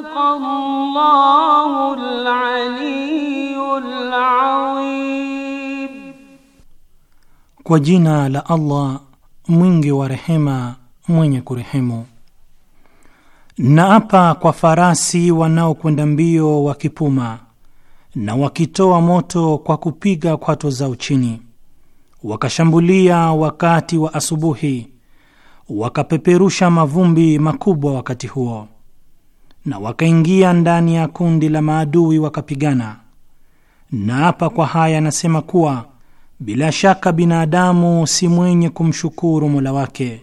صدق الله العلي العظيم. Kwa jina la Allah mwingi wa rehema mwenye kurehemu. Na kwa farasi wanaokwenda mbio wakipuma na wakitoa moto kwa kupiga kwato zao chini, wakashambulia wakati wa asubuhi, wakapeperusha mavumbi makubwa wakati huo, na wakaingia ndani ya kundi la maadui wakapigana. Na kwa haya anasema kuwa bila shaka binadamu si mwenye kumshukuru Mola wake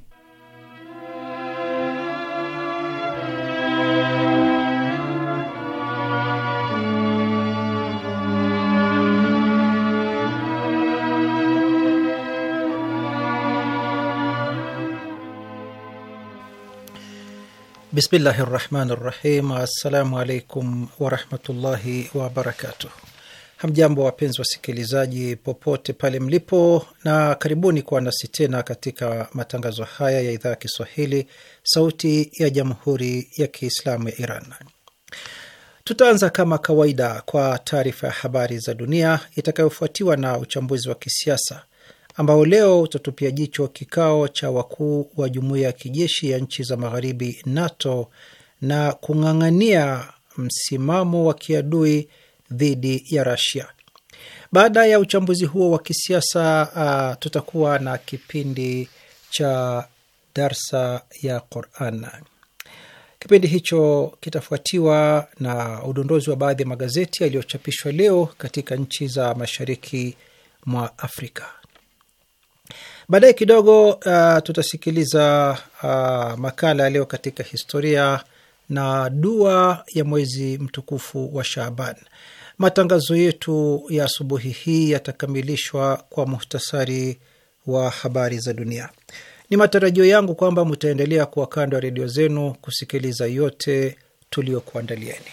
Bismillahi rahmani rahim. Assalamu alaikum warahmatullahi wabarakatuh. Hamjambo wapenzi wasikilizaji, popote pale mlipo, na karibuni kuwa nasi tena katika matangazo haya ya idhaa ya Kiswahili, Sauti ya Jamhuri ya Kiislamu ya Iran. Tutaanza kama kawaida kwa taarifa ya habari za dunia itakayofuatiwa na uchambuzi wa kisiasa ambao leo utatupia jicho kikao cha wakuu wa jumuiya ya kijeshi ya nchi za magharibi NATO na kung'ang'ania msimamo wa kiadui dhidi ya Russia. Baada ya uchambuzi huo wa kisiasa uh, tutakuwa na kipindi cha darsa ya Quran. Kipindi hicho kitafuatiwa na udondozi wa baadhi ya magazeti ya magazeti yaliyochapishwa leo katika nchi za mashariki mwa Afrika. Baadaye kidogo uh, tutasikiliza uh, makala yaliyo katika historia na dua ya mwezi mtukufu wa Shaaban. Matangazo yetu ya asubuhi hii yatakamilishwa kwa muhtasari wa habari za dunia. Ni matarajio yangu kwamba mtaendelea kuwa kando ya redio zenu kusikiliza yote tuliokuandalieni.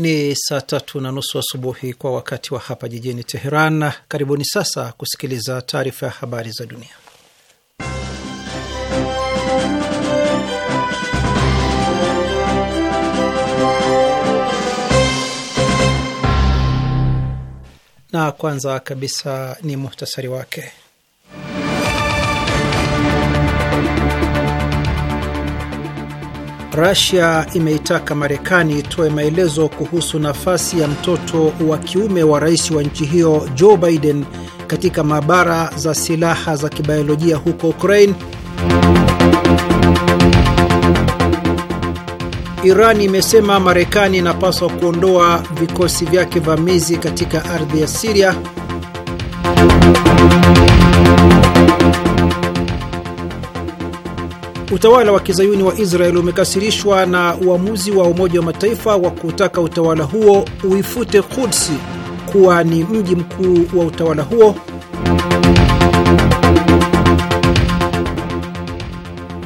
Ni saa tatu na nusu asubuhi wa kwa wakati wa hapa jijini Teheran. Karibuni sasa kusikiliza taarifa ya habari za dunia, na kwanza kabisa ni muhtasari wake. Rasia imeitaka Marekani itoe maelezo kuhusu nafasi ya mtoto wa kiume wa rais wa nchi hiyo Joe Biden katika maabara za silaha za kibaiolojia huko Ukraine. Iran imesema Marekani inapaswa kuondoa vikosi vyake vamizi katika ardhi ya Siria. Utawala wa kizayuni wa israel umekasirishwa na uamuzi wa Umoja wa Mataifa wa kutaka utawala huo uifute Kudsi kuwa ni mji mkuu wa utawala huo.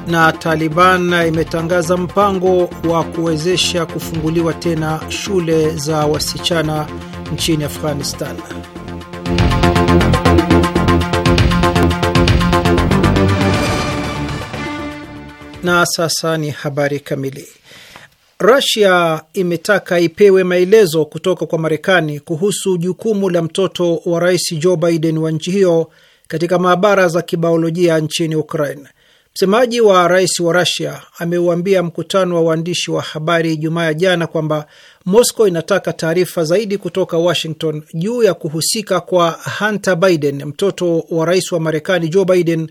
Na Taliban imetangaza mpango wa kuwezesha kufunguliwa tena shule za wasichana nchini Afghanistan. Na sasa ni habari kamili. rasia imetaka ipewe maelezo kutoka kwa Marekani kuhusu jukumu la mtoto wa Rais Joe Biden wa nchi hiyo katika maabara za kibaolojia nchini Ukraine. Msemaji wa rais wa rusia ameuambia mkutano wa waandishi wa habari Ijumaa ya jana kwamba Moscow inataka taarifa zaidi kutoka Washington juu ya kuhusika kwa Hunter Biden, mtoto wa rais wa Marekani Joe Biden,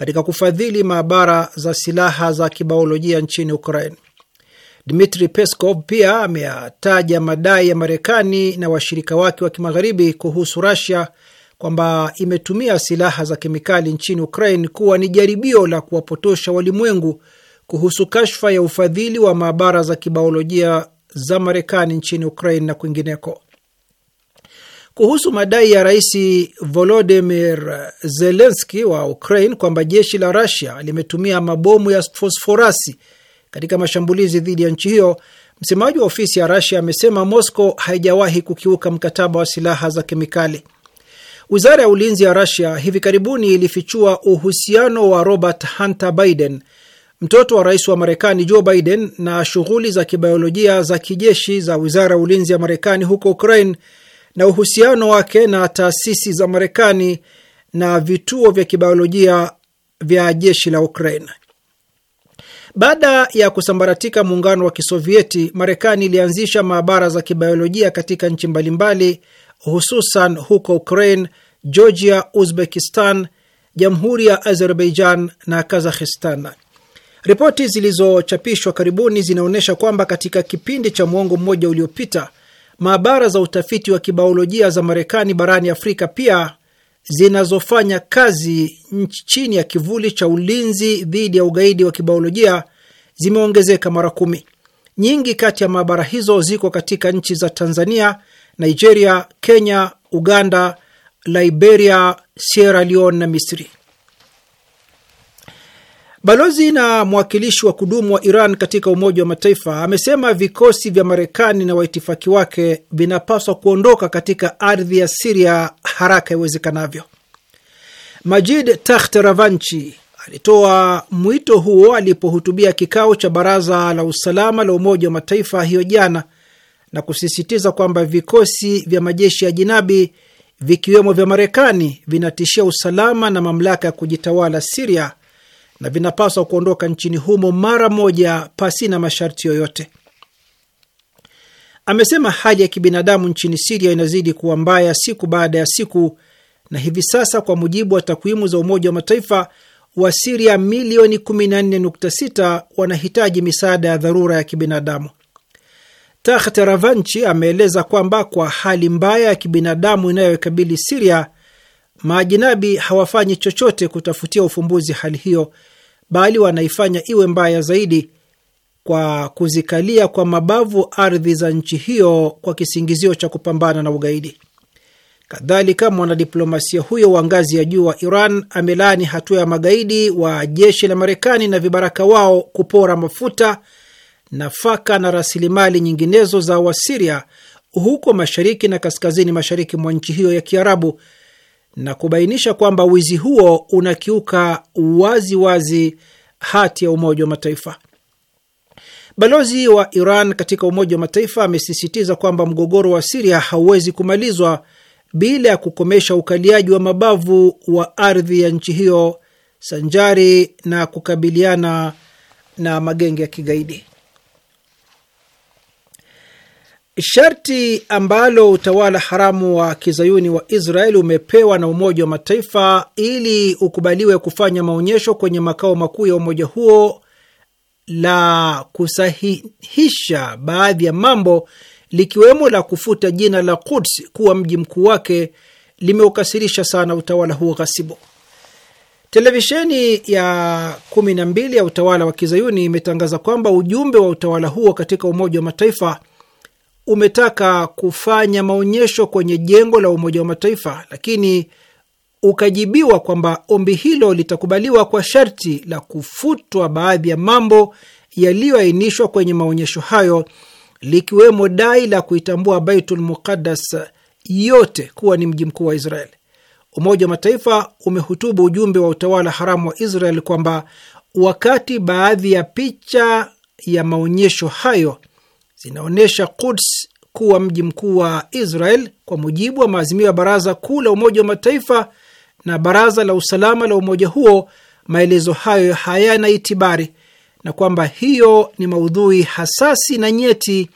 katika kufadhili maabara za silaha za kibaolojia nchini Ukraine. Dmitri Peskov pia ameyataja madai ya Marekani na washirika wake wa kimagharibi kuhusu rasia kwamba imetumia silaha za kemikali nchini Ukraine kuwa ni jaribio la kuwapotosha walimwengu kuhusu kashfa ya ufadhili wa maabara za kibaolojia za Marekani nchini Ukraine na kwingineko kuhusu madai ya Rais Volodimir Zelenski wa Ukraine kwamba jeshi la rasia limetumia mabomu ya fosforasi katika mashambulizi dhidi ya nchi hiyo, msemaji wa ofisi ya rasia amesema Moscow haijawahi kukiuka mkataba wa silaha za kemikali. Wizara ya ulinzi ya rasia hivi karibuni ilifichua uhusiano wa Robert Hunter Biden, mtoto wa rais wa Marekani Joe Biden, na shughuli za kibiolojia za kijeshi za wizara ya ulinzi ya Marekani huko Ukraine na uhusiano wake na taasisi za Marekani na vituo vya kibiolojia vya jeshi la Ukraine. Baada ya kusambaratika muungano wa Kisovieti, Marekani ilianzisha maabara za kibiolojia katika nchi mbalimbali, hususan huko Ukraine, Georgia, Uzbekistan, Jamhuri ya Azerbaijan na Kazakhstan. Ripoti zilizochapishwa karibuni zinaonyesha kwamba katika kipindi cha mwongo mmoja uliopita maabara za utafiti wa kibaolojia za Marekani barani Afrika pia zinazofanya kazi chini ya kivuli cha ulinzi dhidi ya ugaidi wa kibaolojia zimeongezeka mara kumi. Nyingi kati ya maabara hizo ziko katika nchi za Tanzania, Nigeria, Kenya, Uganda, Liberia, Sierra Leone na Misri. Balozi na mwakilishi wa kudumu wa Iran katika Umoja wa Mataifa amesema vikosi vya Marekani na waitifaki wake vinapaswa kuondoka katika ardhi ya Siria haraka iwezekanavyo. Majid Takht Ravanchi alitoa mwito huo alipohutubia kikao cha Baraza la Usalama la Umoja wa Mataifa hiyo jana na kusisitiza kwamba vikosi vya majeshi ya jinabi vikiwemo vya Marekani vinatishia usalama na mamlaka ya kujitawala Siria na vinapaswa kuondoka nchini humo mara moja pasina masharti yoyote. Amesema hali ya kibinadamu nchini Siria inazidi kuwa mbaya siku baada ya siku, na hivi sasa, kwa mujibu wa takwimu za Umoja wa Mataifa, Siria milioni 14.6 wanahitaji misaada ya dharura ya kibinadamu. Takht Ravanchi ameeleza kwamba kwa hali mbaya ya kibinadamu inayoikabili Siria Maajinabi hawafanyi chochote kutafutia ufumbuzi hali hiyo, bali wanaifanya iwe mbaya zaidi kwa kuzikalia kwa mabavu ardhi za nchi hiyo kwa kisingizio cha kupambana na ugaidi. Kadhalika, mwanadiplomasia huyo wa ngazi ya juu wa Iran amelaani hatua ya magaidi wa jeshi la Marekani na vibaraka wao kupora mafuta, nafaka na rasilimali nyinginezo za Wasiria huko mashariki na kaskazini mashariki mwa nchi hiyo ya Kiarabu na kubainisha kwamba wizi huo unakiuka wazi wazi hati ya Umoja wa Mataifa. Balozi wa Iran katika Umoja wa Mataifa amesisitiza kwamba mgogoro wa Siria hauwezi kumalizwa bila ya kukomesha ukaliaji wa mabavu wa ardhi ya nchi hiyo sanjari na kukabiliana na magenge ya kigaidi. Sharti ambalo utawala haramu wa kizayuni wa israel umepewa na Umoja wa Mataifa ili ukubaliwe kufanya maonyesho kwenye makao makuu ya umoja huo la kusahihisha baadhi ya mambo likiwemo la kufuta jina la Quds kuwa mji mkuu wake limeukasirisha sana utawala huo ghasibu. Televisheni ya kumi na mbili ya utawala wa kizayuni imetangaza kwamba ujumbe wa utawala huo katika Umoja wa Mataifa umetaka kufanya maonyesho kwenye jengo la Umoja wa Mataifa, lakini ukajibiwa kwamba ombi hilo litakubaliwa kwa sharti la kufutwa baadhi ya mambo yaliyoainishwa kwenye maonyesho hayo, likiwemo dai la kuitambua Baitul Muqaddas yote kuwa ni mji mkuu wa israel Umoja wa Mataifa umehutubu ujumbe wa utawala haramu wa Israel kwamba wakati baadhi ya picha ya maonyesho hayo zinaonyesha Quds kuwa mji mkuu wa Israel kwa mujibu wa maazimio ya Baraza Kuu la Umoja wa Mataifa na Baraza la Usalama la umoja huo, maelezo hayo hayana itibari na kwamba hiyo ni maudhui hasasi na nyeti,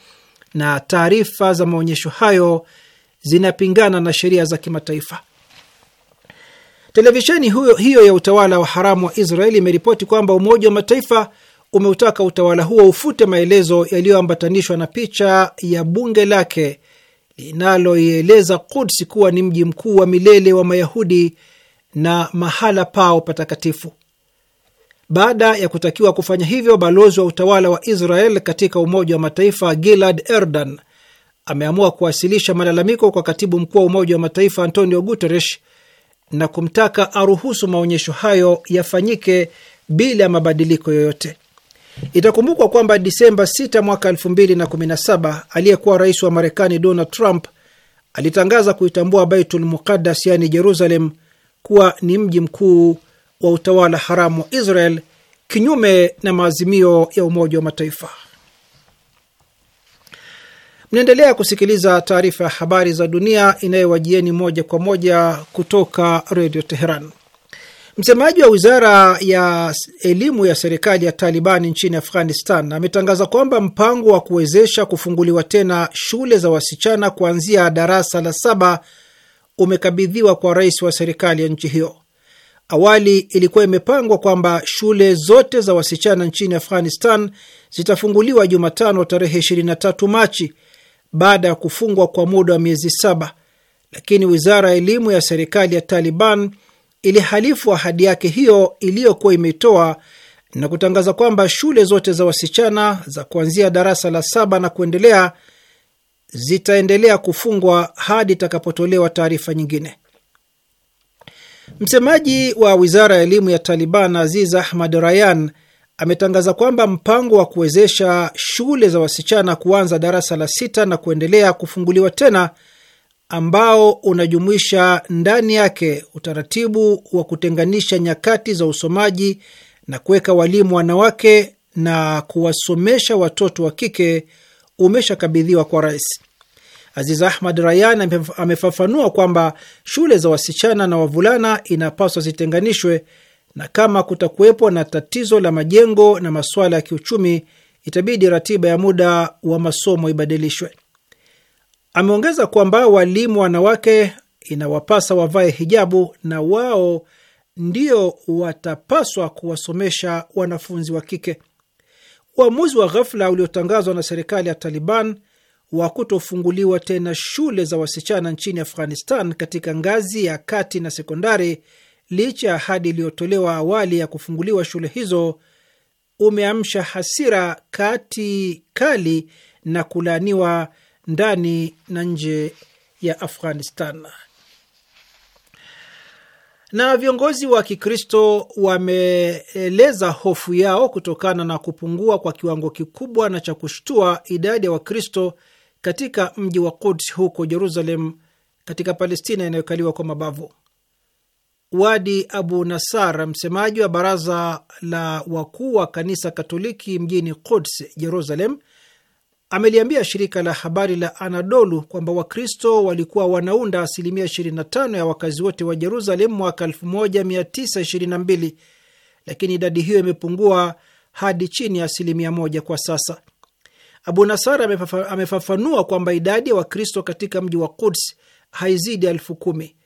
na taarifa za maonyesho hayo zinapingana na sheria za kimataifa. Televisheni hiyo ya utawala wa haramu wa Israeli imeripoti kwamba Umoja wa Mataifa umeutaka utawala huo ufute maelezo yaliyoambatanishwa na picha ya bunge lake linaloieleza Kudsi kuwa ni mji mkuu wa milele wa Mayahudi na mahala pao patakatifu. Baada ya kutakiwa kufanya hivyo, balozi wa utawala wa Israel katika Umoja wa Mataifa Gilad Erdan ameamua kuwasilisha malalamiko kwa katibu mkuu wa Umoja wa Mataifa Antonio Guterres na kumtaka aruhusu maonyesho hayo yafanyike bila ya mabadiliko yoyote. Itakumbukwa kwamba Disemba 6 mwaka 2017 aliyekuwa rais wa Marekani Donald Trump alitangaza kuitambua Baitul Muqaddas yaani Jerusalem kuwa ni mji mkuu wa utawala haramu wa Israel kinyume na maazimio ya Umoja wa Mataifa. Mnaendelea kusikiliza taarifa ya habari za dunia inayowajieni moja kwa moja kutoka Redio Teheran. Msemaji wa wizara ya elimu ya serikali ya Talibani nchini Afghanistan ametangaza kwamba mpango wa kuwezesha kufunguliwa tena shule za wasichana kuanzia darasa la saba umekabidhiwa kwa rais wa serikali ya nchi hiyo. Awali ilikuwa imepangwa kwamba shule zote za wasichana nchini Afghanistan zitafunguliwa Jumatano tarehe 23 Machi baada ya kufungwa kwa muda wa miezi saba, lakini wizara ya elimu ya serikali ya Taliban ilihalifu ahadi yake hiyo iliyokuwa imetoa na kutangaza kwamba shule zote za wasichana za kuanzia darasa la saba na kuendelea zitaendelea kufungwa hadi itakapotolewa taarifa nyingine. Msemaji wa wizara ya elimu ya Taliban, Aziz Ahmad Rayan, ametangaza kwamba mpango wa kuwezesha shule za wasichana kuanza darasa la sita na kuendelea kufunguliwa tena ambao unajumuisha ndani yake utaratibu wa kutenganisha nyakati za usomaji na kuweka walimu wanawake na kuwasomesha watoto wa kike umeshakabidhiwa kwa rais. Aziz Ahmad Rayan amefafanua kwamba shule za wasichana na wavulana inapaswa zitenganishwe, na kama kutakuwepo na tatizo la majengo na masuala ya kiuchumi, itabidi ratiba ya muda wa masomo ibadilishwe. Ameongeza kwamba walimu wanawake inawapasa wavae hijabu na wao ndio watapaswa kuwasomesha wanafunzi wa kike. Uamuzi wa ghafla uliotangazwa na serikali ya Taliban wa kutofunguliwa tena shule za wasichana nchini Afghanistan katika ngazi ya kati na sekondari, licha ya ahadi iliyotolewa awali ya kufunguliwa shule hizo, umeamsha hasira kati kali na kulaaniwa ndani na nje ya Afghanistan. Na viongozi wa Kikristo wameeleza hofu yao kutokana na kupungua kwa kiwango kikubwa na cha kushtua idadi ya Wakristo katika mji wa Quds huko Jerusalem katika Palestina inayokaliwa kwa mabavu. Wadi Abu Nasar, msemaji wa baraza la wakuu wa kanisa Katoliki mjini Quds Jerusalem, ameliambia shirika la habari la Anadolu kwamba Wakristo walikuwa wanaunda asilimia 25 ya wakazi wote wa Jerusalem mwaka 1922 lakini idadi hiyo imepungua hadi chini ya asilimia moja kwa sasa. Abu Nasar amefafanua kwamba idadi ya Wakristo katika mji wa Kuds haizidi elfu kumi.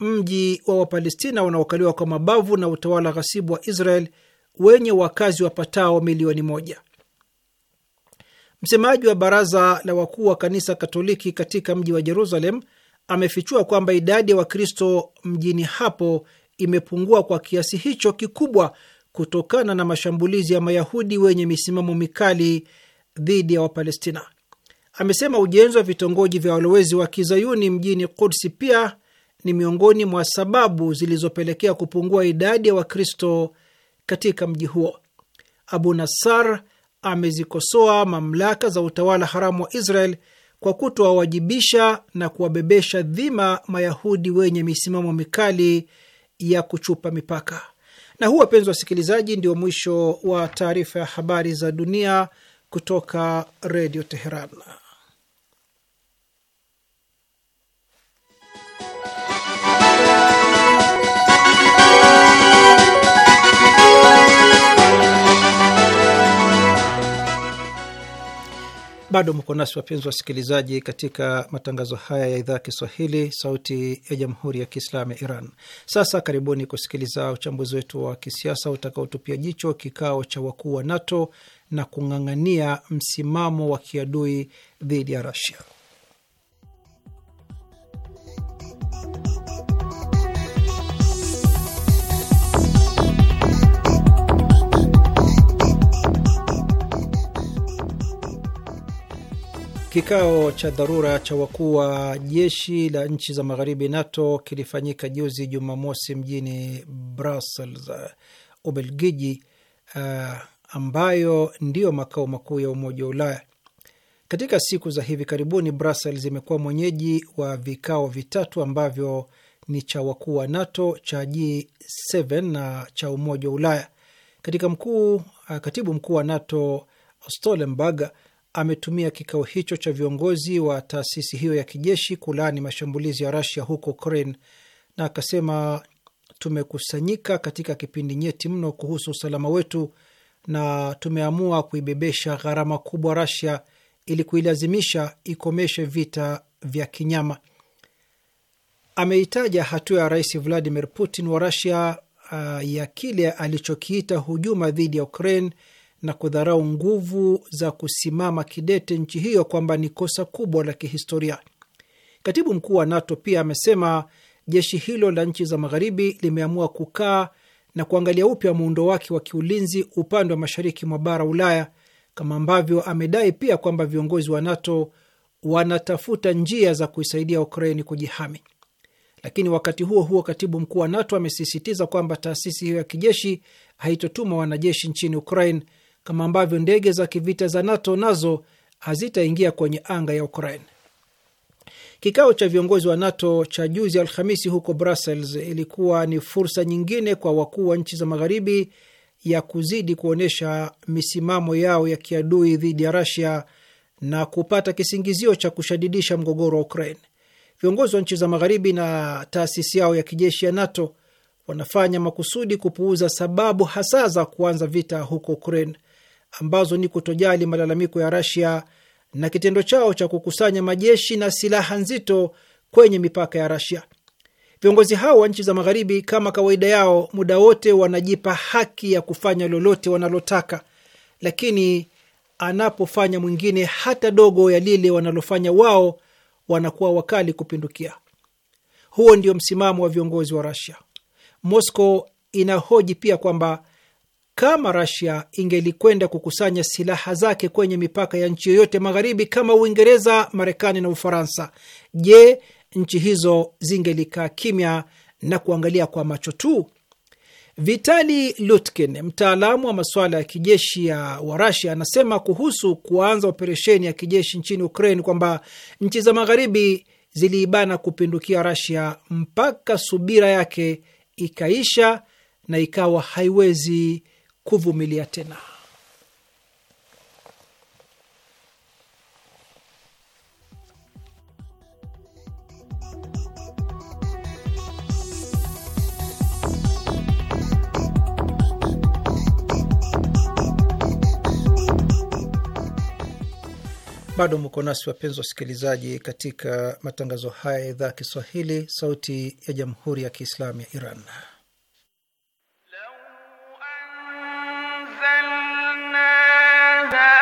Mji wa Wapalestina unaokaliwa kwa mabavu na utawala ghasibu wa Israel wenye wakazi wapatao milioni moja. Msemaji wa baraza la wakuu wa kanisa Katoliki katika mji wa Jerusalem amefichua kwamba idadi ya wa Wakristo mjini hapo imepungua kwa kiasi hicho kikubwa kutokana na mashambulizi ya Mayahudi wenye misimamo mikali dhidi ya Wapalestina. Amesema ujenzi wa vitongoji vya walowezi wa kizayuni mjini Kudsi pia ni miongoni mwa sababu zilizopelekea kupungua idadi ya wa Wakristo katika mji huo. Abu Nasar, amezikosoa mamlaka za utawala haramu wa Israel kwa kutowawajibisha na kuwabebesha dhima Mayahudi wenye misimamo mikali ya kuchupa mipaka. Na huu, wapenzi wa wasikilizaji, ndio mwisho wa taarifa ya habari za dunia kutoka Redio Teheran. Bado mko nasi wapenzi wasikilizaji, katika matangazo haya ya idhaa ya Kiswahili, sauti ya jamhuri ya kiislamu ya Iran. Sasa karibuni kusikiliza uchambuzi wetu wa kisiasa utakaotupia jicho kikao cha wakuu wa NATO na kung'ang'ania msimamo wa kiadui dhidi ya Rusia. Kikao cha dharura cha wakuu wa jeshi la nchi za magharibi NATO kilifanyika juzi Jumamosi mjini Brussels, Ubelgiji, uh, ambayo ndiyo makao makuu ya Umoja wa Ulaya. Katika siku za hivi karibuni, Brussels imekuwa mwenyeji wa vikao vitatu ambavyo ni cha wakuu wa NATO, cha G7 na cha Umoja wa Ulaya. Katika mkuu, uh, katibu mkuu wa NATO Stoltenberg ametumia kikao hicho cha viongozi wa taasisi hiyo ya kijeshi kulaani mashambulizi ya rasia huko Ukraine na akasema, tumekusanyika katika kipindi nyeti mno kuhusu usalama wetu na tumeamua kuibebesha gharama kubwa rasia ili kuilazimisha ikomeshe vita vya kinyama. Ameitaja hatua ya Rais Vladimir Putin wa rasia uh, ya kile alichokiita hujuma dhidi ya Ukraine na kudharau nguvu za kusimama kidete nchi hiyo kwamba ni kosa kubwa la kihistoria. Katibu mkuu wa NATO pia amesema jeshi hilo la nchi za magharibi limeamua kukaa na kuangalia upya muundo wake wa kiulinzi upande wa mashariki mwa bara Ulaya, kama ambavyo amedai pia kwamba viongozi wa NATO wanatafuta njia za kuisaidia Ukraini kujihami. Lakini wakati huo huo, katibu mkuu wa NATO amesisitiza kwamba taasisi hiyo ya kijeshi haitotuma wanajeshi nchini Ukraine kama ambavyo ndege za kivita za NATO nazo hazitaingia kwenye anga ya Ukraine. Kikao cha viongozi wa NATO cha juzi Alhamisi huko Brussels ilikuwa ni fursa nyingine kwa wakuu wa nchi za magharibi ya kuzidi kuonyesha misimamo yao ya kiadui dhidi ya Russia na kupata kisingizio cha kushadidisha mgogoro wa Ukraine. Viongozi wa nchi za magharibi na taasisi yao ya kijeshi ya NATO wanafanya makusudi kupuuza sababu hasa za kuanza vita huko Ukraine ambazo ni kutojali malalamiko ya Rasia na kitendo chao cha kukusanya majeshi na silaha nzito kwenye mipaka ya Rasia. Viongozi hao wa nchi za Magharibi, kama kawaida yao, muda wote wanajipa haki ya kufanya lolote wanalotaka, lakini anapofanya mwingine hata dogo ya lile wanalofanya wao, wanakuwa wakali kupindukia. Huo ndio msimamo wa viongozi wa Rasia. Moscow inahoji pia kwamba kama Rasia ingelikwenda kukusanya silaha zake kwenye mipaka ya nchi yoyote magharibi kama Uingereza, Marekani na Ufaransa, je, nchi hizo zingelikaa kimya na kuangalia kwa macho tu? Vitali Lutkin, mtaalamu wa masuala ya kijeshi ya rasia anasema kuhusu kuanza operesheni ya kijeshi nchini Ukraine kwamba nchi za magharibi ziliibana kupindukia Rasia mpaka subira yake ikaisha na ikawa haiwezi kuvumilia tena. Bado mko nasi wapenzi wasikilizaji, katika matangazo haya ya idhaa ya Kiswahili, sauti ya jamhuri ya kiislamu ya Iran. هَٰذَا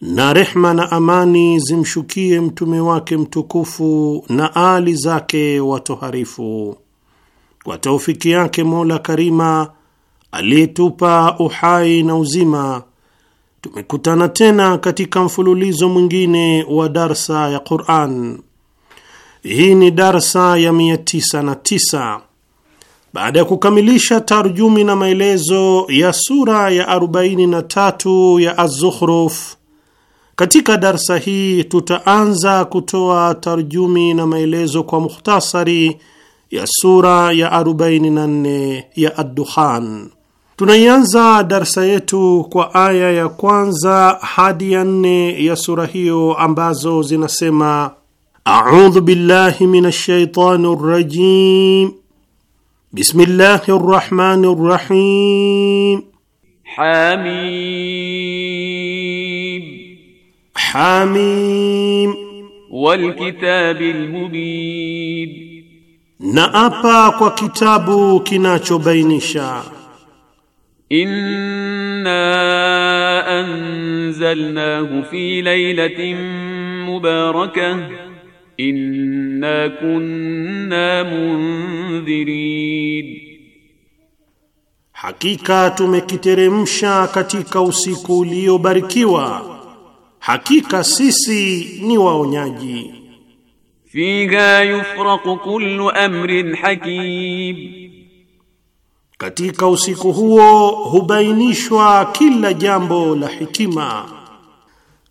na rehma na amani zimshukie mtume wake mtukufu na ali zake watoharifu. Kwa taufiki yake Mola Karima aliyetupa uhai na uzima, tumekutana tena katika mfululizo mwingine wa darsa ya Quran. Hii ni darsa ya 99 baada ya kukamilisha tarjumi na maelezo ya sura ya 43 ya Az-Zukhruf. Katika darsa hii tutaanza kutoa tarjumi na maelezo kwa mukhtasari ya sura ya 44 ya Ad-Dukhan. Tunaianza darsa yetu kwa aya ya kwanza hadi ya nne ya sura hiyo ambazo zinasema: audhu billahi minash shaitani rrajim bismillahi rrahmani rahim, hamim Hamim, wal kitabil mubin, na apa kwa kitabu kinachobainisha. Inna anzalnahu fi laylatin mubarakah inna kunna mundhirin, hakika tumekiteremsha katika usiku uliobarikiwa Hakika sisi ni waonyaji. Fiha yufraqu kullu amrin hakim, katika usiku huo hubainishwa kila jambo la hikima.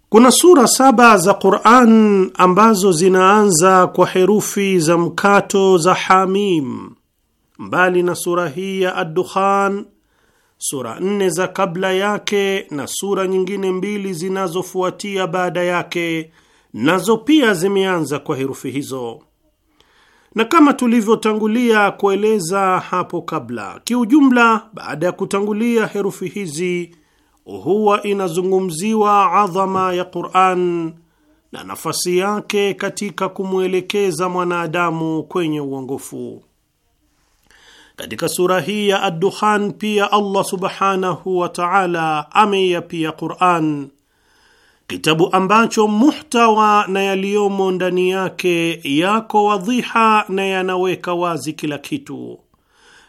Kuna sura saba za Qur'an ambazo zinaanza kwa herufi za mkato za Hamim. Mbali na sura hii ya Ad-Dukhan sura nne za kabla yake na sura nyingine mbili zinazofuatia baada yake nazo pia zimeanza kwa herufi hizo. Na kama tulivyotangulia kueleza hapo kabla, kiujumla, baada ya kutangulia herufi hizi huwa inazungumziwa adhama ya Qur'an na nafasi yake katika kumwelekeza mwanadamu kwenye uongofu. Katika sura hii ya Ad-Dukhan pia Allah subhanahu wa ta'ala ameiapia Qur'an, kitabu ambacho muhtawa na yaliyomo ndani yake yako wadhiha na yanaweka wazi kila kitu,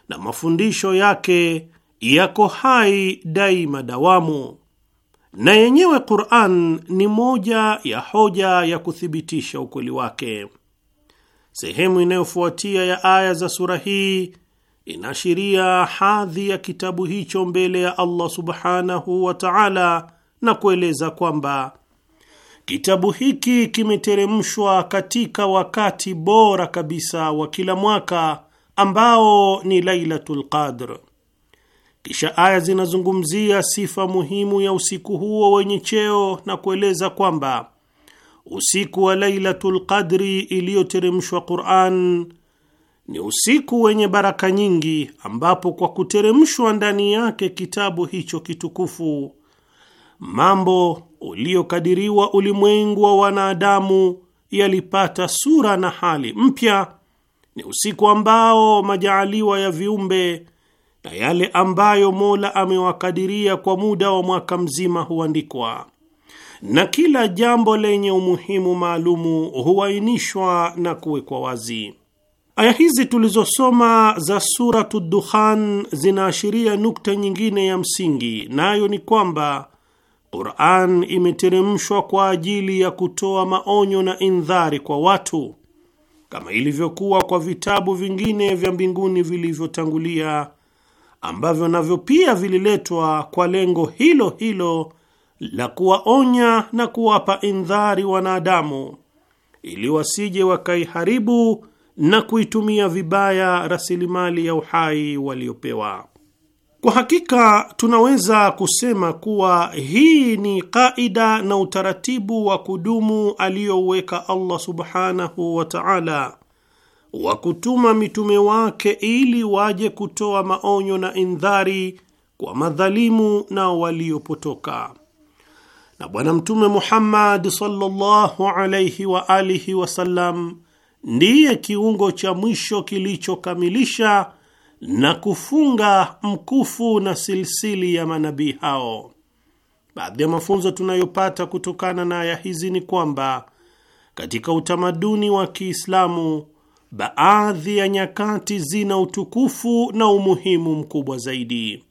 na mafundisho yake yako hai daima dawamu, na yenyewe Qur'an ni moja ya hoja ya kuthibitisha ukweli wake. Sehemu inayofuatia ya aya za sura hii inaashiria hadhi ya kitabu hicho mbele ya Allah subhanahu wa ta'ala, na kueleza kwamba kitabu hiki kimeteremshwa katika wakati bora kabisa wa kila mwaka ambao ni Lailatul Qadr. Kisha aya zinazungumzia sifa muhimu ya usiku huo wenye cheo na kueleza kwamba usiku wa Lailatul Qadri iliyoteremshwa Qur'an ni usiku wenye baraka nyingi, ambapo kwa kuteremshwa ndani yake kitabu hicho kitukufu, mambo uliokadiriwa ulimwengu wa wanadamu yalipata sura na hali mpya. Ni usiku ambao majaaliwa ya viumbe na yale ambayo Mola amewakadiria kwa muda wa mwaka mzima huandikwa na kila jambo lenye umuhimu maalumu huainishwa na kuwekwa wazi. Aya hizi tulizosoma za Suratu Dukhan zinaashiria nukta nyingine ya msingi, nayo ni kwamba Quran imeteremshwa kwa ajili ya kutoa maonyo na indhari kwa watu kama ilivyokuwa kwa vitabu vingine vya mbinguni vilivyotangulia ambavyo navyo pia vililetwa kwa lengo hilo hilo la kuwaonya na kuwapa indhari wanadamu ili wasije wakaiharibu na kuitumia vibaya rasilimali ya uhai waliopewa. Kwa hakika tunaweza kusema kuwa hii ni kaida na utaratibu wa kudumu aliyouweka Allah subhanahu wa ta'ala wa kutuma mitume wake ili waje kutoa maonyo na indhari kwa madhalimu na waliopotoka. Na Bwana Mtume Muhammad sallallahu alayhi wa alihi wasallam ndiye kiungo cha mwisho kilichokamilisha na kufunga mkufu na silsili ya manabii hao. Baadhi ya mafunzo tunayopata kutokana na aya hizi ni kwamba katika utamaduni wa Kiislamu baadhi ya nyakati zina utukufu na umuhimu mkubwa zaidi.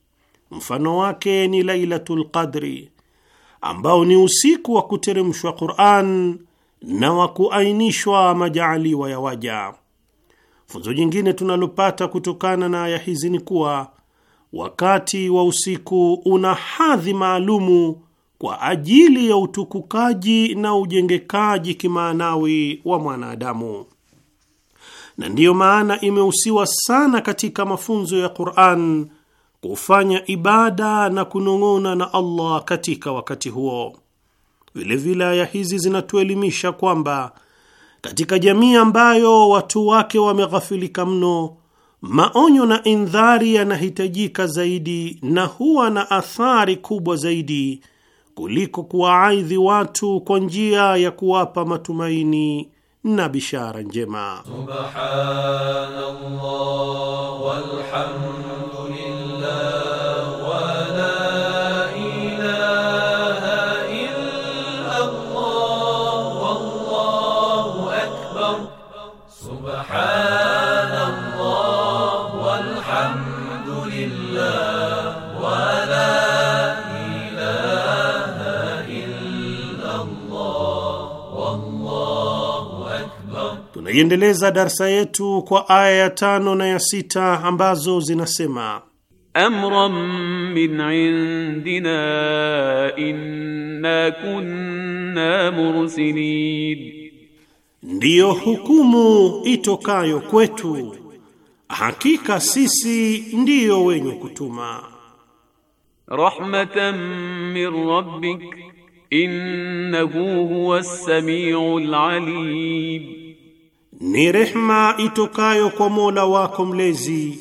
Mfano wake ni Lailatul Qadri ambao ni usiku wa kuteremshwa Qur'an na wa kuainishwa majaaliwa ya waja. Funzo jingine tunalopata kutokana na aya hizi ni kuwa wakati wa usiku una hadhi maalumu kwa ajili ya utukukaji na ujengekaji kimaanawi wa mwanadamu, na ndiyo maana imehusiwa sana katika mafunzo ya Qur'an kufanya ibada na kunong'ona na Allah katika wakati huo. Vilevile aya hizi zinatuelimisha kwamba katika jamii ambayo watu wake wameghafilika mno, maonyo na indhari yanahitajika zaidi na huwa na athari kubwa zaidi kuliko kuwaaidhi watu kwa njia ya kuwapa matumaini na bishara njema. Subhanallah walhamdulillah Tunaiendeleza darsa yetu kwa aya ya tano na ya sita ambazo zinasema amran min indina inna kunna mursilin, ndiyo hukumu itokayo kwetu, hakika sisi ndiyo wenye kutuma. Rahmatan min rabbik innahu huwas samiul alim ni rehma itokayo kwa Mola wako mlezi,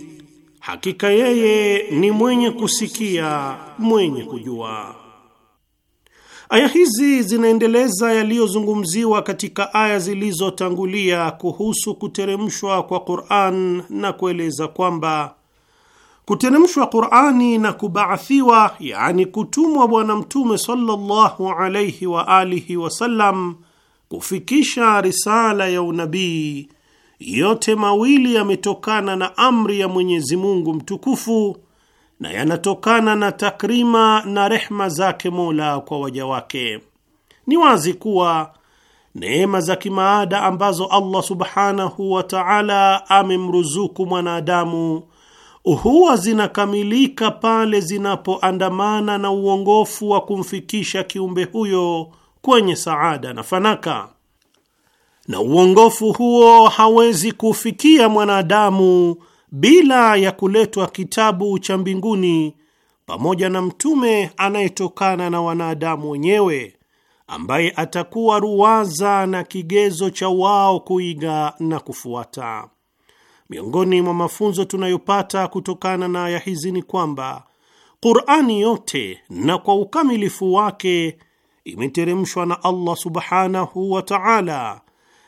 hakika yeye ni mwenye kusikia, mwenye kujua. Aya hizi zinaendeleza yaliyozungumziwa katika aya zilizotangulia kuhusu kuteremshwa kwa Qur'an na kueleza kwamba kuteremshwa Qur'ani na kubaathiwa, yani kutumwa Bwana Mtume sallallahu alayhi wa alihi wasallam kufikisha risala ya unabii, yote mawili yametokana na amri ya Mwenyezi Mungu mtukufu na yanatokana na takrima na rehma zake Mola kwa waja wake. Ni wazi kuwa neema za kimaada ambazo Allah subhanahu wa ta'ala amemruzuku mwanadamu huwa zinakamilika pale zinapoandamana na uongofu wa kumfikisha kiumbe huyo kwenye saada na fanaka, na uongofu huo hawezi kufikia mwanadamu bila ya kuletwa kitabu cha mbinguni pamoja na mtume anayetokana na wanadamu wenyewe ambaye atakuwa ruwaza na kigezo cha wao kuiga na kufuata. Miongoni mwa mafunzo tunayopata kutokana na aya hizi ni kwamba Qur'ani yote na kwa ukamilifu wake imeteremshwa na Allah subhanahu wa ta'ala,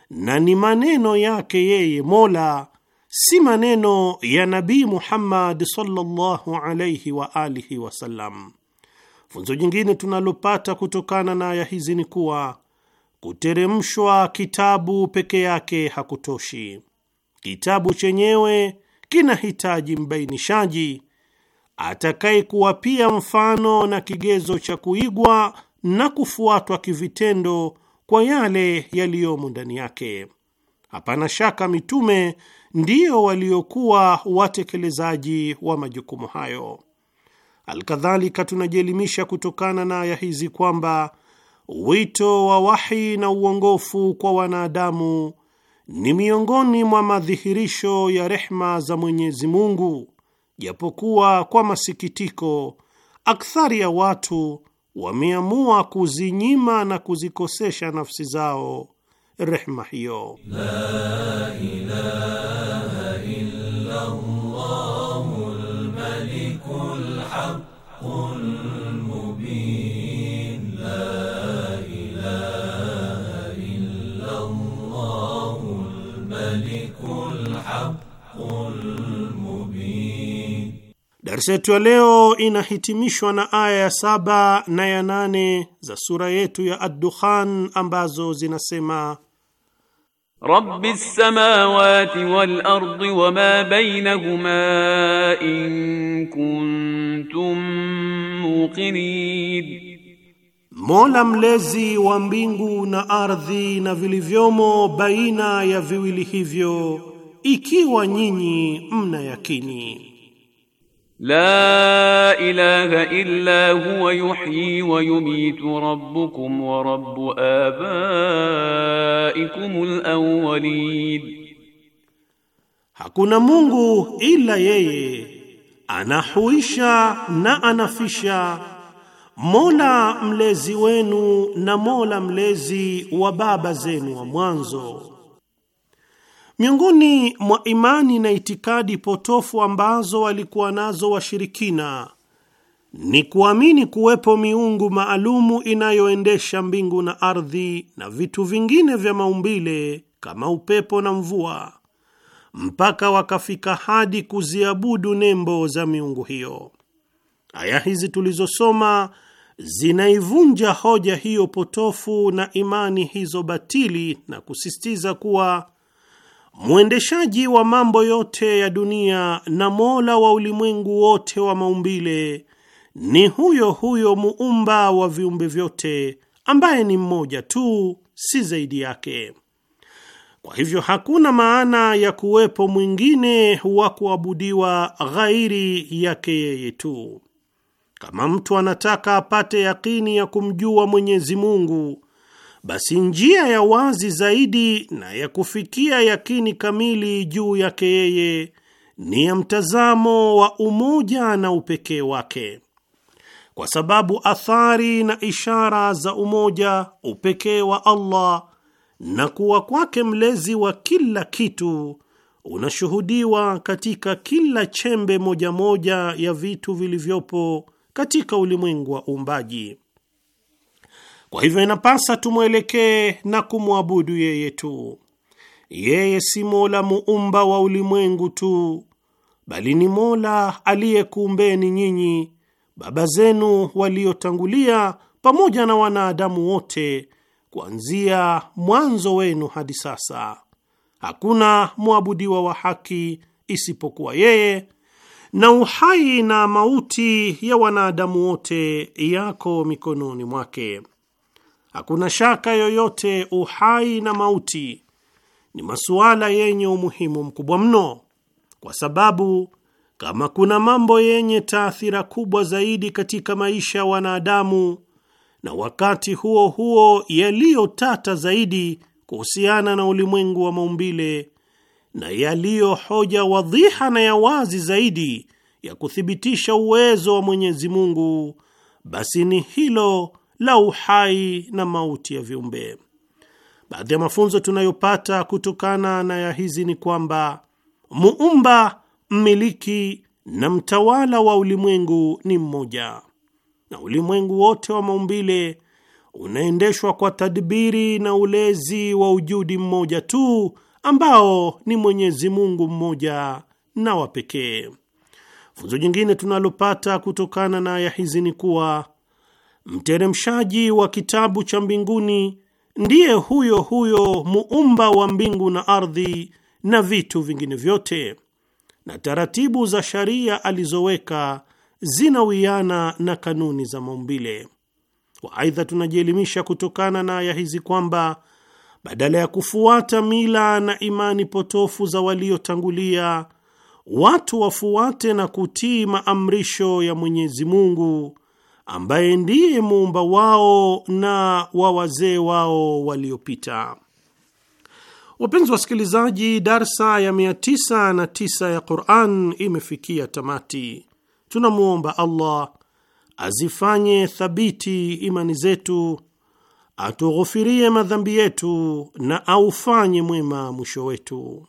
na ni maneno yake yeye Mola, si maneno ya Nabii Muhammad sallallahu alayhi wa alihi wasallam. Funzo jingine tunalopata kutokana na aya hizi ni kuwa kuteremshwa kitabu peke yake hakutoshi. Kitabu chenyewe kinahitaji mbainishaji atakayekuwa pia mfano na kigezo cha kuigwa na kufuatwa kivitendo kwa yale yaliyomo ndani yake. Hapana shaka mitume ndiyo waliokuwa watekelezaji wa majukumu hayo. Alkadhalika, tunajielimisha kutokana na aya hizi kwamba wito wa wahi na uongofu kwa wanadamu ni miongoni mwa madhihirisho ya rehma za Mwenyezi Mungu, japokuwa kwa masikitiko, akthari ya watu wameamua kuzinyima na kuzikosesha nafsi zao rehma hiyo la ilaha Darsa yetu ya leo inahitimishwa na aya ya saba na ya nane za sura yetu ya Ad-Dukhan ambazo zinasema Rabbi samawati wal ardi wama bainahuma in kuntum muqinin, Mola mlezi wa mbingu na ardhi na vilivyomo baina ya viwili hivyo, ikiwa nyinyi mna yakini. La ilaha illa huwa yuhyi wa yumitu rabbukum wa rabbu abaikumul awwalin, hakuna Mungu ila yeye, anahuisha na anafisha, Mola mlezi wenu na Mola mlezi wa baba zenu wa mwanzo. Miongoni mwa imani na itikadi potofu ambazo walikuwa nazo washirikina ni kuamini kuwepo miungu maalumu inayoendesha mbingu na ardhi na vitu vingine vya maumbile kama upepo na mvua, mpaka wakafika hadi kuziabudu nembo za miungu hiyo. Aya hizi tulizosoma zinaivunja hoja hiyo potofu na imani hizo batili na kusisitiza kuwa mwendeshaji wa mambo yote ya dunia na mola wa ulimwengu wote wa maumbile ni huyo huyo muumba wa viumbe vyote ambaye ni mmoja tu, si zaidi yake. Kwa hivyo hakuna maana ya kuwepo mwingine wa kuabudiwa ghairi yake yeye tu. Kama mtu anataka apate yakini ya kumjua Mwenyezi Mungu basi njia ya wazi zaidi na ya kufikia yakini kamili juu yake yeye ni ya mtazamo wa umoja na upekee wake, kwa sababu athari na ishara za umoja, upekee wa Allah na kuwa kwake mlezi wa kila kitu unashuhudiwa katika kila chembe moja moja ya vitu vilivyopo katika ulimwengu wa uumbaji. Kwa hivyo inapasa tumwelekee na kumwabudu yeye tu. Yeye si Mola muumba wa ulimwengu tu, bali ni Mola aliyekuumbeni nyinyi, baba zenu waliotangulia, pamoja na wanadamu wote kuanzia mwanzo wenu hadi sasa. Hakuna mwabudiwa wa haki isipokuwa yeye, na uhai na mauti ya wanadamu wote yako mikononi mwake. Hakuna shaka yoyote, uhai na mauti ni masuala yenye umuhimu mkubwa mno, kwa sababu kama kuna mambo yenye taathira kubwa zaidi katika maisha ya wanadamu na wakati huo huo yaliyotata zaidi kuhusiana na ulimwengu wa maumbile na yaliyo hoja wadhiha na ya wazi zaidi ya kuthibitisha uwezo wa Mwenyezi Mungu, basi ni hilo la uhai na mauti ya viumbe. Baadhi ya mafunzo tunayopata kutokana na ya hizi ni kwamba muumba, mmiliki na mtawala wa ulimwengu ni mmoja, na ulimwengu wote wa maumbile unaendeshwa kwa tadbiri na ulezi wa ujudi mmoja tu ambao ni Mwenyezi Mungu mmoja na wa pekee. Funzo jingine tunalopata kutokana na aya hizi ni kuwa mteremshaji wa kitabu cha mbinguni ndiye huyo huyo muumba wa mbingu na ardhi na vitu vingine vyote, na taratibu za sharia alizoweka zinawiana na kanuni za maumbile. Waaidha, tunajielimisha kutokana na aya hizi kwamba badala ya kufuata mila na imani potofu za waliotangulia, watu wafuate na kutii maamrisho ya Mwenyezi Mungu ambaye ndiye muumba wao na wa wazee wao waliopita. Wapenzi wasikilizaji, darsa ya 99 ya Quran imefikia tamati. Tunamwomba Allah azifanye thabiti imani zetu, atughufirie madhambi yetu na aufanye mwema mwisho wetu.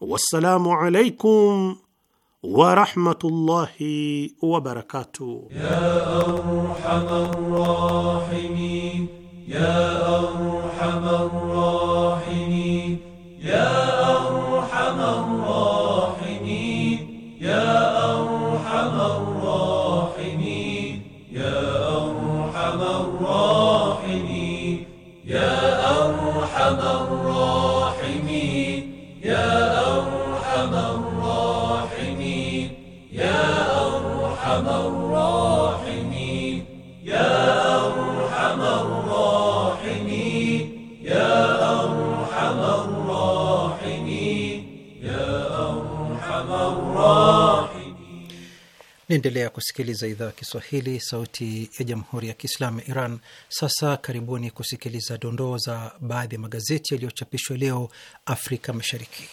Wassalamu alaikum ورحمة الله وبركاته يا أرحم الراحمين يا أرحم الراحمين يا أرحم Naendelea kusikiliza idhaa ya Kiswahili, sauti ya jamhuri ya kiislamu ya Iran. Sasa karibuni kusikiliza dondoo za baadhi ya magazeti yaliyochapishwa leo Afrika Mashariki.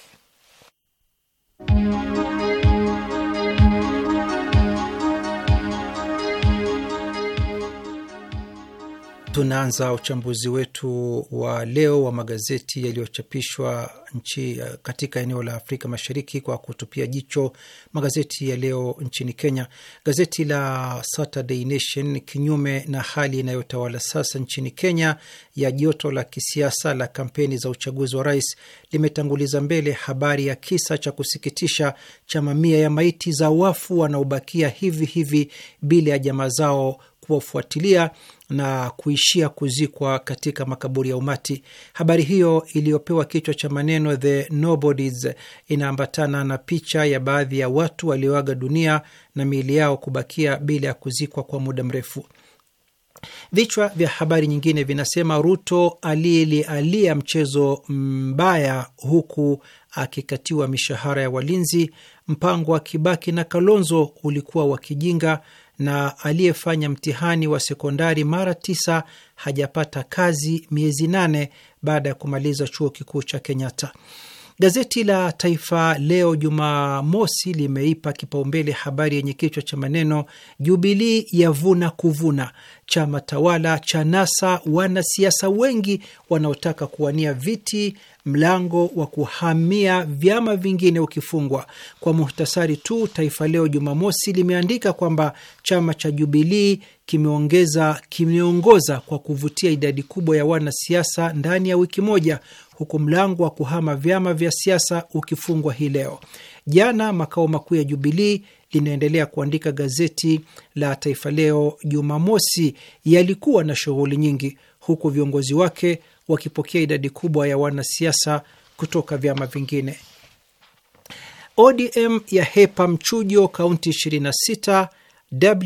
Tunaanza uchambuzi wetu wa leo wa magazeti yaliyochapishwa nchi uh, katika eneo la Afrika Mashariki kwa kutupia jicho magazeti ya leo nchini Kenya. Gazeti la Saturday Nation, kinyume na hali inayotawala sasa nchini Kenya ya joto la kisiasa la kampeni za uchaguzi wa rais, limetanguliza mbele habari ya kisa cha kusikitisha cha mamia ya maiti za wafu wanaobakia hivi hivi bila ya jamaa zao kuwafuatilia na kuishia kuzikwa katika makaburi ya umati. Habari hiyo iliyopewa kichwa cha maneno The Nobodies inaambatana na picha ya baadhi ya watu walioaga dunia na miili yao kubakia bila ya kuzikwa kwa muda mrefu. Vichwa vya habari nyingine vinasema Ruto aliyelialia mchezo mbaya huku akikatiwa mishahara ya walinzi, mpango wa Kibaki na Kalonzo ulikuwa wa kijinga na aliyefanya mtihani wa sekondari mara tisa hajapata kazi miezi nane baada ya kumaliza chuo kikuu cha Kenyatta. Gazeti la Taifa Leo Jumamosi limeipa kipaumbele habari yenye kichwa cha maneno Jubilii yavuna kuvuna, chama tawala cha nasa wanasiasa wengi wanaotaka kuwania viti mlango wa kuhamia vyama vingine ukifungwa. Kwa muhtasari tu, Taifa Leo Jumamosi limeandika kwamba chama cha Jubilii kimeongeza kimeongoza kwa kuvutia idadi kubwa ya wanasiasa ndani ya wiki moja, huku mlango wa kuhama vyama vya siasa ukifungwa hii leo. Jana makao makuu ya Jubilii linaendelea kuandika gazeti la Taifa Leo Jumamosi, yalikuwa na shughuli nyingi, huku viongozi wake wakipokea idadi kubwa ya wanasiasa kutoka vyama vingine. ODM ya hepa mchujo kaunti 26.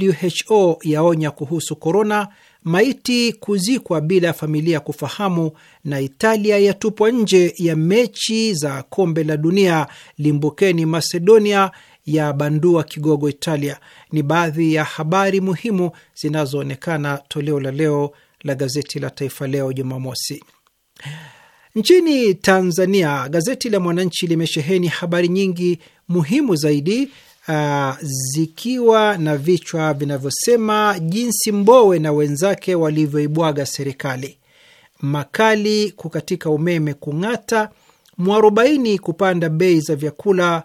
WHO yaonya kuhusu korona. Maiti kuzikwa bila ya familia kufahamu. Na Italia yatupwa nje ya mechi za kombe la dunia. Limbukeni Macedonia ya bandua kigogo Italia. Ni baadhi ya habari muhimu zinazoonekana toleo la leo la gazeti la Taifa Leo Jumamosi. Nchini Tanzania, gazeti la Mwananchi limesheheni habari nyingi muhimu zaidi uh, zikiwa na vichwa vinavyosema jinsi Mbowe na wenzake walivyoibwaga serikali, makali kukatika umeme kung'ata, mwarobaini kupanda bei za vyakula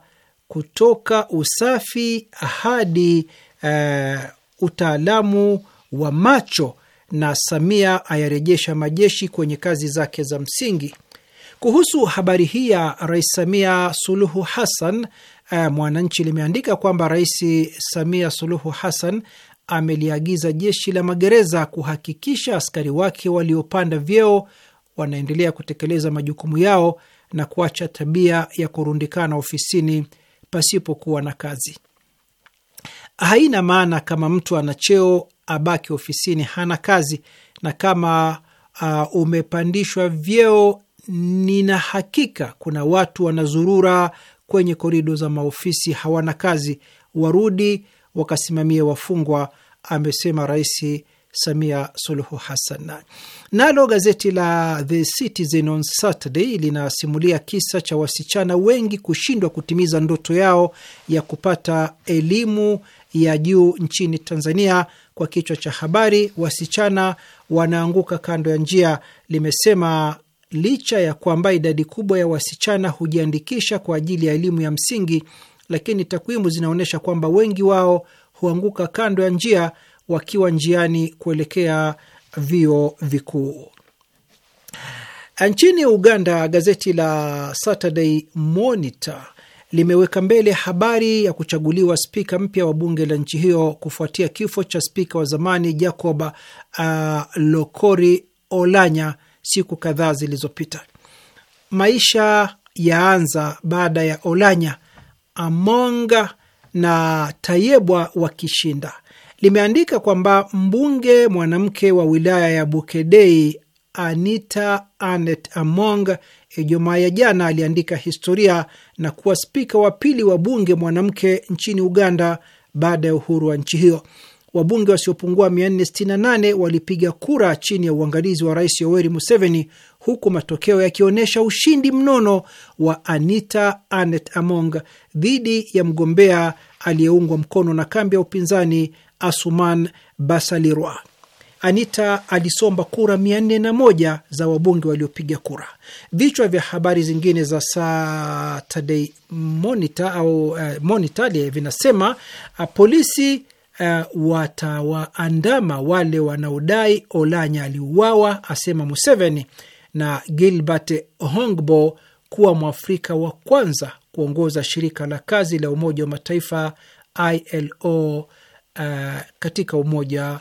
kutoka usafi hadi uh, utaalamu wa macho na Samia ayarejesha majeshi kwenye kazi zake za msingi. Kuhusu habari hii ya Rais Samia Suluhu Hassan, eh, Mwananchi limeandika kwamba Rais Samia Suluhu Hassan ameliagiza jeshi la magereza kuhakikisha askari wake waliopanda vyeo wanaendelea kutekeleza majukumu yao na kuacha tabia ya kurundikana ofisini pasipokuwa na kazi. Haina maana kama mtu ana cheo abaki ofisini, hana kazi, na kama uh, umepandishwa vyeo, nina hakika kuna watu wanazurura kwenye korido za maofisi hawana kazi, warudi wakasimamia wafungwa, amesema Rais Samia Suluhu Hassan. Nalo gazeti la The Citizen on Saturday linasimulia kisa cha wasichana wengi kushindwa kutimiza ndoto yao ya kupata elimu ya juu nchini Tanzania kwa kichwa cha habari wasichana wanaanguka kando ya njia, limesema licha ya kwamba idadi kubwa ya wasichana hujiandikisha kwa ajili ya elimu ya msingi, lakini takwimu zinaonyesha kwamba wengi wao huanguka kando ya njia wakiwa njiani kuelekea vyuo vikuu. Nchini Uganda, gazeti la Saturday Monitor limeweka mbele habari ya kuchaguliwa spika mpya wa bunge la nchi hiyo kufuatia kifo cha spika wa zamani Jacob uh, Lokori Olanya siku kadhaa zilizopita. Maisha yaanza baada ya Olanya, Amonga na Tayebwa wakishinda. Limeandika kwamba mbunge mwanamke wa wilaya ya Bukedei Anita Anet Among Ijumaa ya jana aliandika historia na kuwa spika wa pili wa bunge mwanamke nchini Uganda baada ya uhuru wa nchi hiyo. Wabunge wasiopungua 468 walipiga kura chini ya uangalizi wa Rais Yoweri Museveni, huku matokeo yakionyesha ushindi mnono wa Anita Anet Among dhidi ya mgombea aliyeungwa mkono na kambi ya upinzani Asuman Basalirwa. Anita alisomba kura 401 za wabunge waliopiga kura. Vichwa vya habari zingine za Saturday Monitor au uh, Monitor vinasema uh, polisi uh, watawaandama wale wanaodai Olanya aliuawa, asema Museveni, na Gilbert Hongbo kuwa mwafrika wa kwanza kuongoza shirika la kazi la Umoja wa Mataifa ILO uh, katika Umoja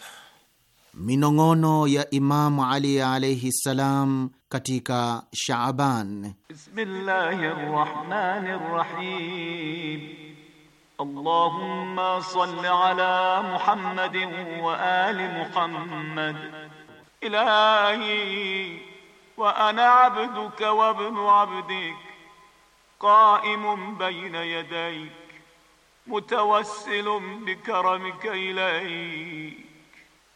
Minong'ono ya Imamu Ali alaihi ssalam katika Shaaban. Bismillahi rahmani rahim. Allahumma salli ala Muhammadin wa ali Muhammad. Ilahi wa ana abduka wa ibnu abdik qaimun bayna yadayk mutawassilun bikaramika ilayk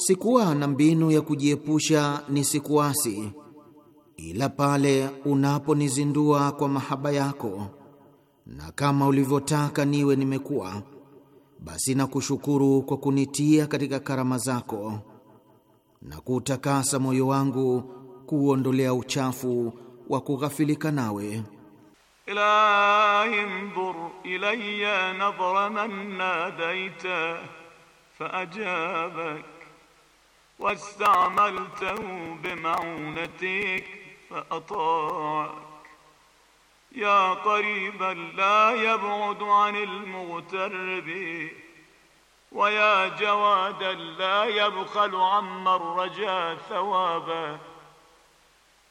sikuwa na mbinu ya kujiepusha nisikuasi, ila pale unaponizindua kwa mahaba yako, na kama ulivyotaka niwe nimekuwa, basi nakushukuru kwa kunitia katika karama zako na kuutakasa moyo wangu kuuondolea uchafu wa kughafilika nawe. Ilahi ndhur ilayya nadhra man nadaita faajabak واستعملته بمعونتك فأطاعك يا قريبا لا يبعد عن المغتر به ويا جوادا لا يبخل عمن رجا ثوابا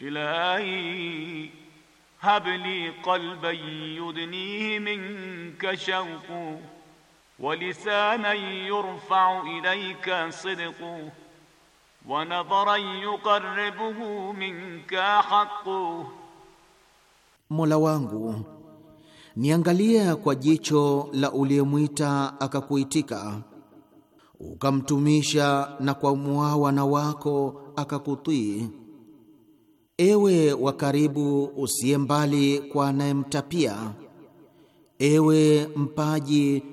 إلهي هب لي قلبا يدنيه منك شوقه ولسانا يرفع إليك صدقه wanadhara yuqarribuhu minka haqqu, Mola wangu niangalia kwa jicho la uliyemwita akakuitika, ukamtumisha na kwa muawana wako akakutii. Ewe wa karibu usiye mbali kwa anayemtapia, ewe mpaji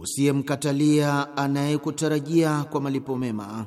usiyemkatalia anayekutarajia kwa malipo mema.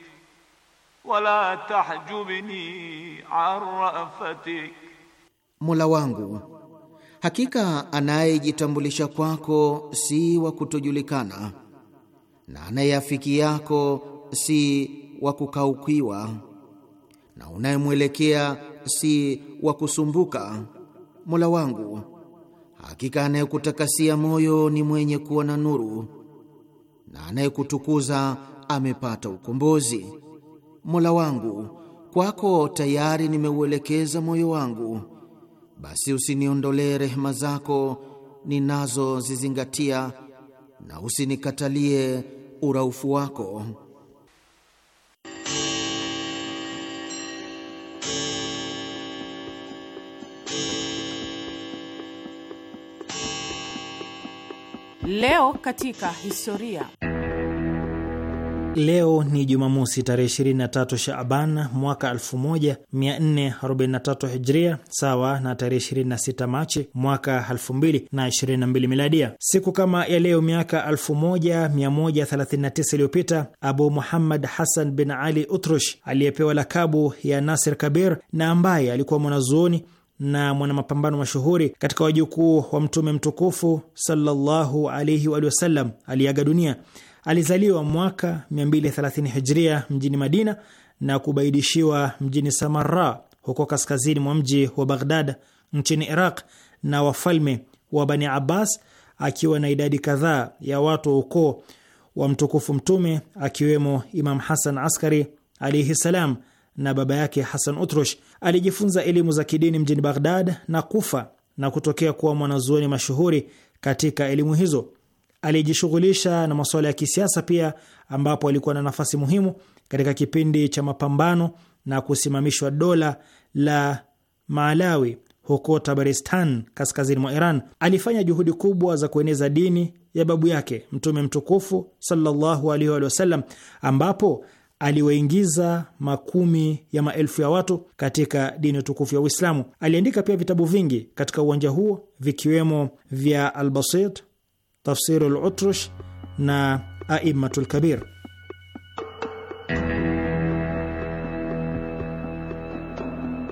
wala tahjubni arafatik, Mola wangu, hakika anayejitambulisha kwako si wa kutojulikana na anayeafiki yako si wa kukaukiwa na unayemwelekea si wa kusumbuka. Mola wangu, hakika anayekutakasia moyo ni mwenye kuona nuru na anayekutukuza amepata ukombozi. Mola wangu, kwako tayari nimeuelekeza moyo wangu, basi usiniondolee rehema zako ninazozizingatia na usinikatalie uraufu wako. Leo katika historia Leo ni Jumamosi tarehe 23 Shaaban mwaka 1443 Hijria, sawa na tarehe 26 Machi mwaka 2022 Miladia. Siku kama ya leo miaka 1139 iliyopita, Abu Muhammad Hassan bin Ali Utrush aliyepewa lakabu ya Nasir Kabir na ambaye alikuwa mwanazuoni na mwanamapambano mashuhuri katika wajukuu wa Mtume mtukufu sallallahu alaihi wasallam aliaga dunia. Alizaliwa mwaka 230 hijria mjini Madina na kubaidishiwa mjini Samarra huko kaskazini mwa mji wa Baghdad nchini Iraq na wafalme wa Bani Abbas, akiwa na idadi kadhaa ya watu wa ukoo wa mtukufu Mtume, akiwemo Imam Hasan Askari alaihi salam na baba yake Hasan Utrush. Alijifunza elimu za kidini mjini Baghdad na Kufa na kutokea kuwa mwanazuoni mashuhuri katika elimu hizo. Alijishughulisha na masuala ya kisiasa pia, ambapo alikuwa na nafasi muhimu katika kipindi cha mapambano na kusimamishwa dola la Malawi huko Tabaristan, kaskazini mwa Iran. Alifanya juhudi kubwa za kueneza dini ya babu yake Mtume mtukufu sallallahu alaihi wa sallam, ambapo aliwaingiza makumi ya maelfu ya watu katika dini tukufu ya Uislamu. Aliandika pia vitabu vingi katika uwanja huo vikiwemo vya Albasit Tafsir al-Utrush na Aimatul Kabir.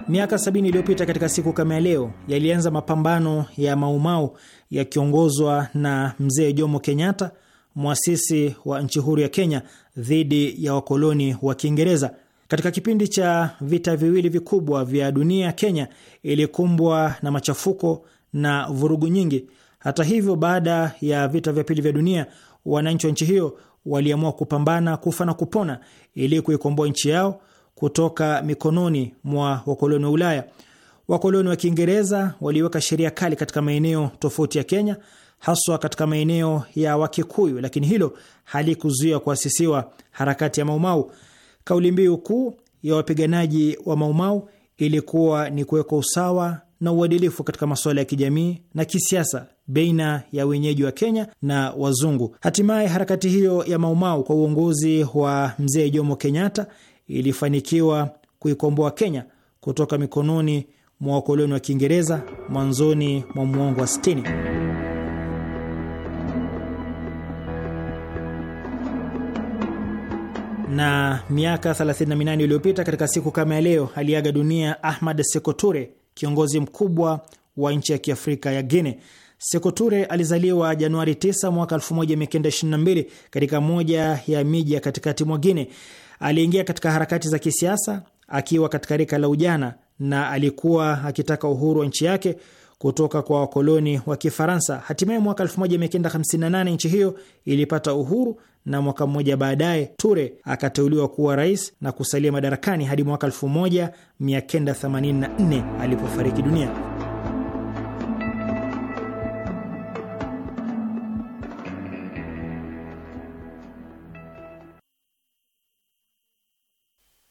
Miaka sabini iliyopita katika siku kama ya leo yalianza mapambano ya Maumau yakiongozwa na mzee Jomo Kenyatta, mwasisi wa nchi huru ya Kenya, dhidi ya wakoloni wa Kiingereza. Katika kipindi cha vita viwili vikubwa vya dunia, Kenya ilikumbwa na machafuko na vurugu nyingi. Hata hivyo, baada ya vita vya pili vya dunia, wananchi wa nchi hiyo waliamua kupambana kufa na kupona ili kuikomboa nchi yao kutoka mikononi mwa wakoloni wa Ulaya. Wakoloni wa Kiingereza waliweka sheria kali katika maeneo tofauti ya Kenya, haswa katika maeneo ya Wakikuyu, lakini hilo halikuzuia kuasisiwa harakati ya Maumau. Kauli mbiu kuu ya wapiganaji wa Maumau ilikuwa ni kuwekwa usawa na uadilifu katika masuala ya kijamii na kisiasa baina ya wenyeji wa Kenya na wazungu. Hatimaye harakati hiyo ya Maumau kwa uongozi wa mzee Jomo Kenyatta ilifanikiwa kuikomboa Kenya kutoka mikononi mwa wakoloni wa Kiingereza mwanzoni mwa mwongo wa 60. na miaka 38 iliyopita katika siku kama ya leo aliaga dunia Ahmad Sekoture, kiongozi mkubwa wa nchi ya Kiafrika ya Guinea. Sekou Toure alizaliwa Januari 9 mwaka 1922 katika moja ya miji ya katikati mwa Guinea. Aliingia katika harakati za kisiasa akiwa katika rika la ujana na alikuwa akitaka uhuru wa nchi yake kutoka kwa wakoloni wa Kifaransa. Hatimaye mwaka 1958 nchi hiyo ilipata uhuru na mwaka mmoja baadaye Ture akateuliwa kuwa rais na kusalia madarakani hadi mwaka 1984 alipofariki dunia.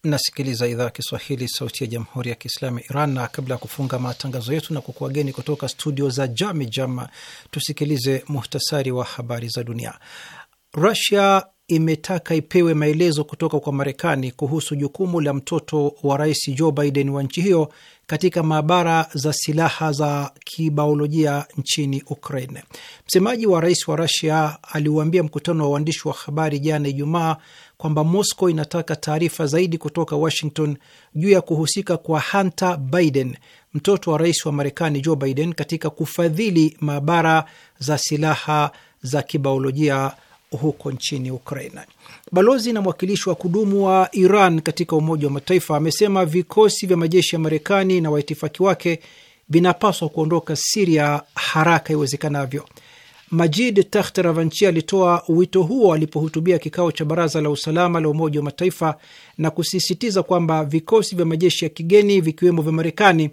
Nasikiliza idhaa ya Kiswahili, sauti ya jamhuri ya kiislamu Iran. Na kabla ya kufunga matangazo yetu na kukuageni kutoka studio za Jama, tusikilize muhtasari wa habari za dunia. Rusia imetaka ipewe maelezo kutoka kwa Marekani kuhusu jukumu la mtoto wa rais Joe Biden wa nchi hiyo katika maabara za silaha za kibaolojia nchini Ukraine. Msemaji wa rais wa Rusia aliuambia mkutano wa waandishi wa habari jana Ijumaa kwamba Moscow inataka taarifa zaidi kutoka Washington juu ya kuhusika kwa Hunter Biden, mtoto wa rais wa Marekani Joe Biden, katika kufadhili maabara za silaha za kibaolojia huko nchini Ukraina. Balozi na mwakilishi wa kudumu wa Iran katika Umoja wa Mataifa amesema vikosi vya majeshi ya Marekani na waitifaki wake vinapaswa kuondoka Siria haraka iwezekanavyo. Majid Takht Ravanchi alitoa wito huo alipohutubia kikao cha baraza la usalama la Umoja wa Mataifa na kusisitiza kwamba vikosi vya majeshi ya kigeni vikiwemo vya Marekani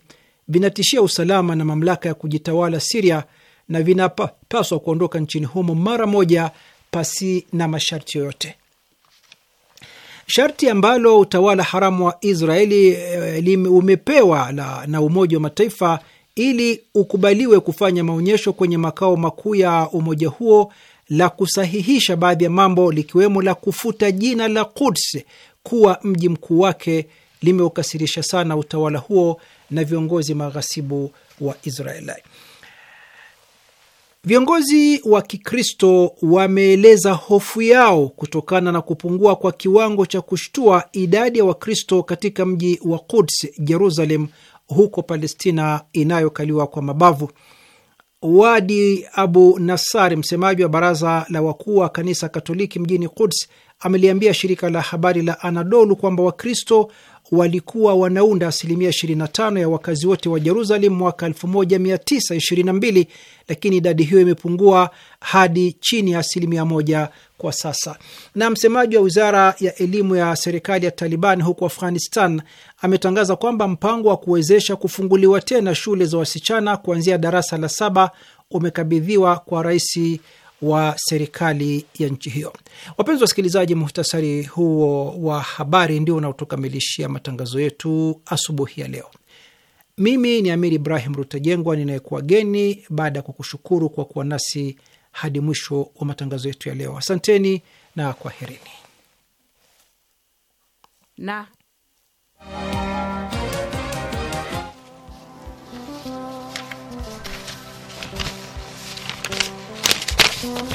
vinatishia usalama na mamlaka ya kujitawala Siria na vinapaswa kuondoka nchini humo mara moja pasi na masharti yoyote. Sharti ambalo utawala haramu wa Israeli e, umepewa na Umoja wa Mataifa ili ukubaliwe kufanya maonyesho kwenye makao makuu ya umoja huo la kusahihisha baadhi ya mambo likiwemo la kufuta jina la Quds kuwa mji mkuu wake limeukasirisha sana utawala huo na viongozi maghasibu wa israel Viongozi wa Kikristo wameeleza hofu yao kutokana na kupungua kwa kiwango cha kushtua idadi ya Wakristo katika mji wa Quds, Jerusalem, huko Palestina inayokaliwa kwa mabavu. Wadi Abu Nassar, msemaji wa baraza la wakuu wa kanisa Katoliki mjini Quds, ameliambia shirika la habari la Anadolu kwamba Wakristo walikuwa wanaunda asilimia 25 ya wakazi wote wa Jerusalem mwaka 1922 lakini idadi hiyo imepungua hadi chini ya asilimia moja kwa sasa. Na msemaji wa wizara ya elimu ya serikali ya Taliban huko Afghanistan ametangaza kwamba mpango wa kuwezesha kufunguliwa tena shule za wasichana kuanzia darasa la saba umekabidhiwa kwa rais wa serikali ya nchi hiyo. Wapenzi wasikilizaji, muhtasari huo wa habari ndio unaotukamilishia matangazo yetu asubuhi ya leo. Mimi ni Amiri Ibrahim Rutajengwa ninayekuwageni baada ya kukushukuru kwa kuwa nasi hadi mwisho wa matangazo yetu ya leo. Asanteni na kwaherini na Thank you.